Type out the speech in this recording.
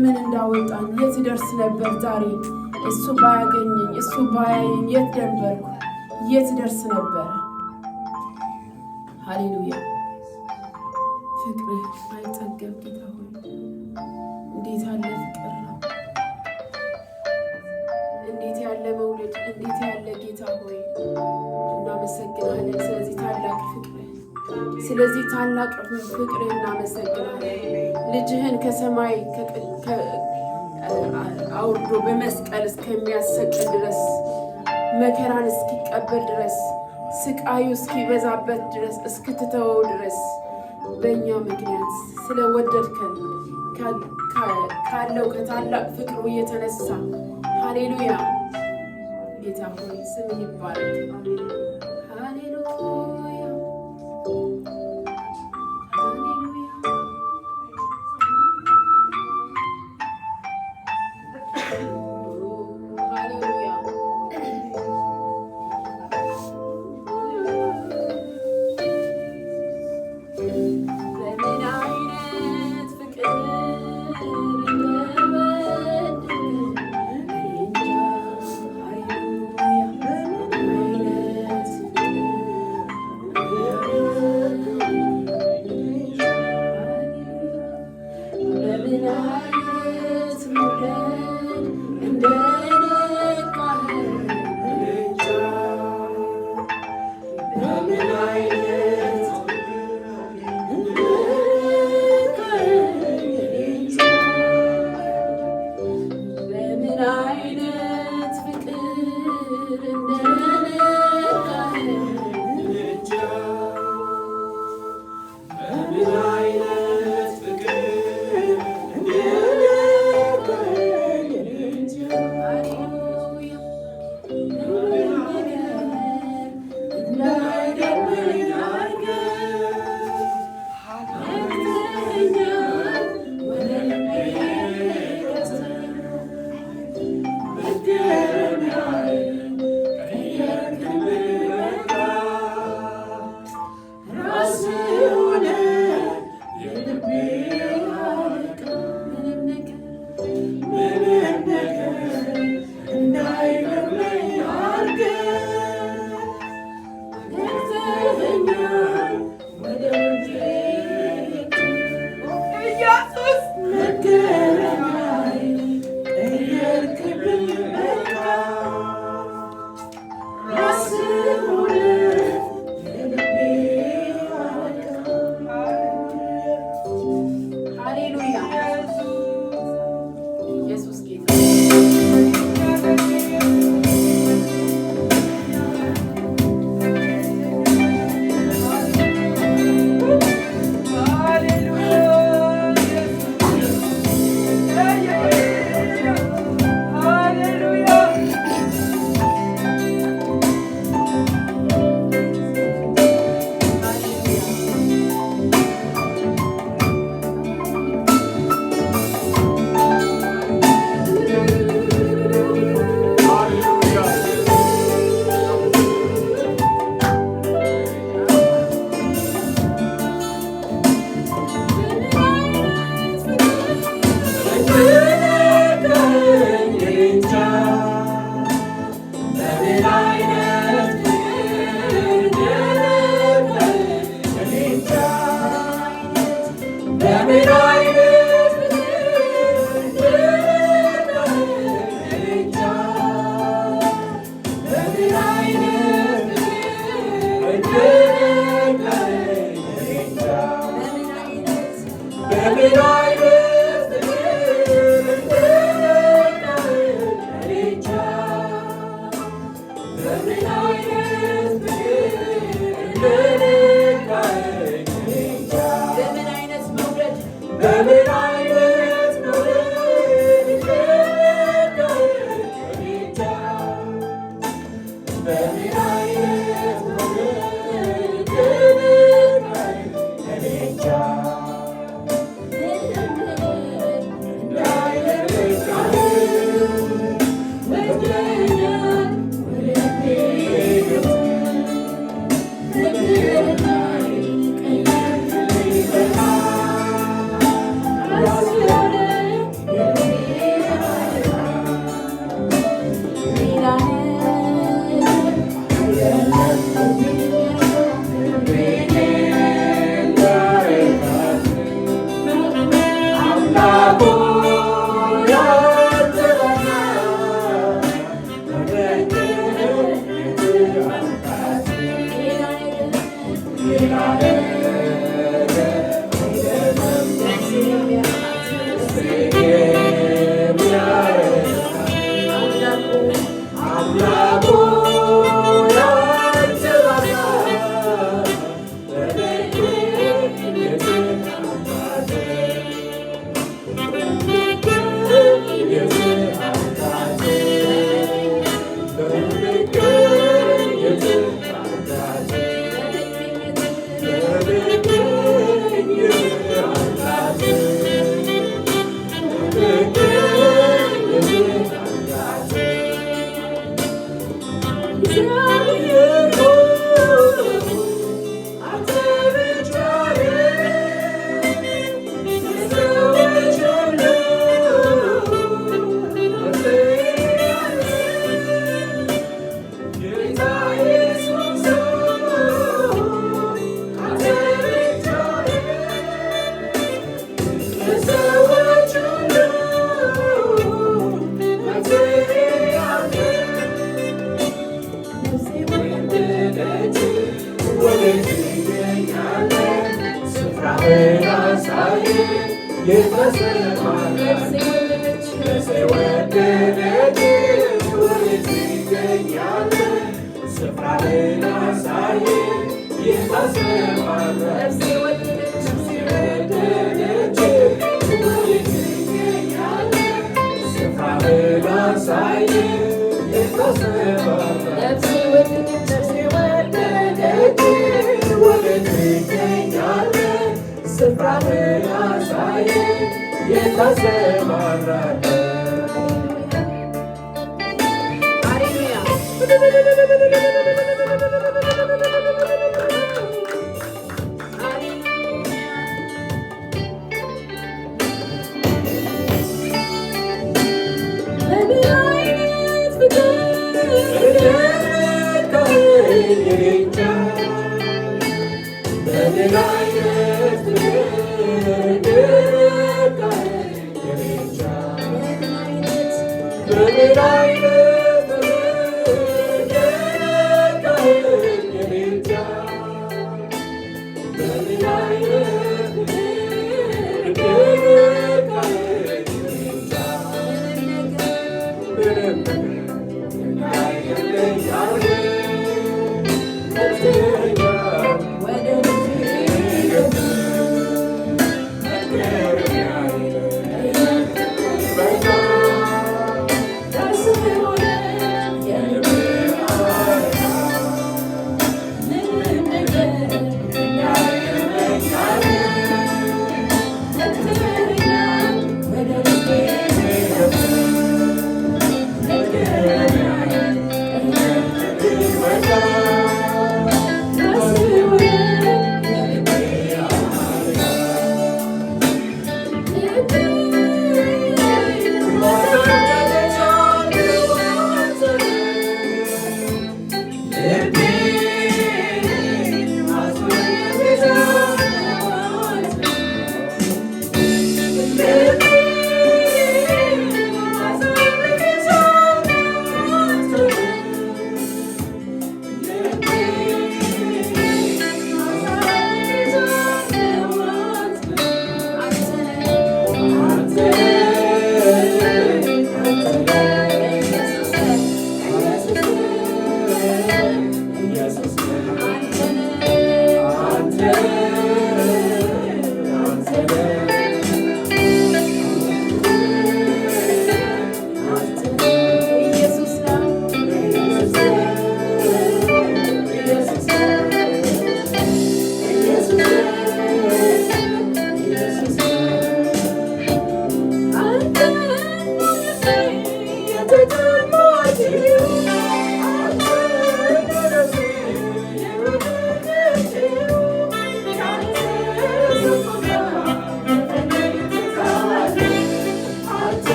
ለምን እንዳወጣን የት ደርስ ነበር ዛሬ እሱ ባያገኘኝ እሱ ባያየኝ የት ደንበርኩ የት ደርስ ነበር። ሃሌሉያ ፍቅርህ አይጠገብ ጌታ ሆይ እንዴት ያለ ፍቅር ነው። እንዴት ያለ መውለድ እንዴት ያለ ጌታ ሆይ እናመሰግናለን። ስለዚህ ታላቅ ፍቅር ስለዚህ ታላቅ ፍቅር እናመሰግናለን። ልጅህን ከሰማይ ከቅድ አውርዶ በመስቀል እስከሚያሰቅል ድረስ መከራን እስኪቀበል ድረስ ስቃዩ እስኪበዛበት ድረስ እስክትተወው ድረስ በእኛ ምክንያት ስለወደድከን ካለው ከታላቅ ፍቅሩ እየተነሳ ሃሌሉያ ጌታ ሆይ ስም ይባላል። Let me know. Thank you. ስፍራህን አሳየኝ ወገን ይገኛለን ስፍራህን አሳየን የታሰማራለን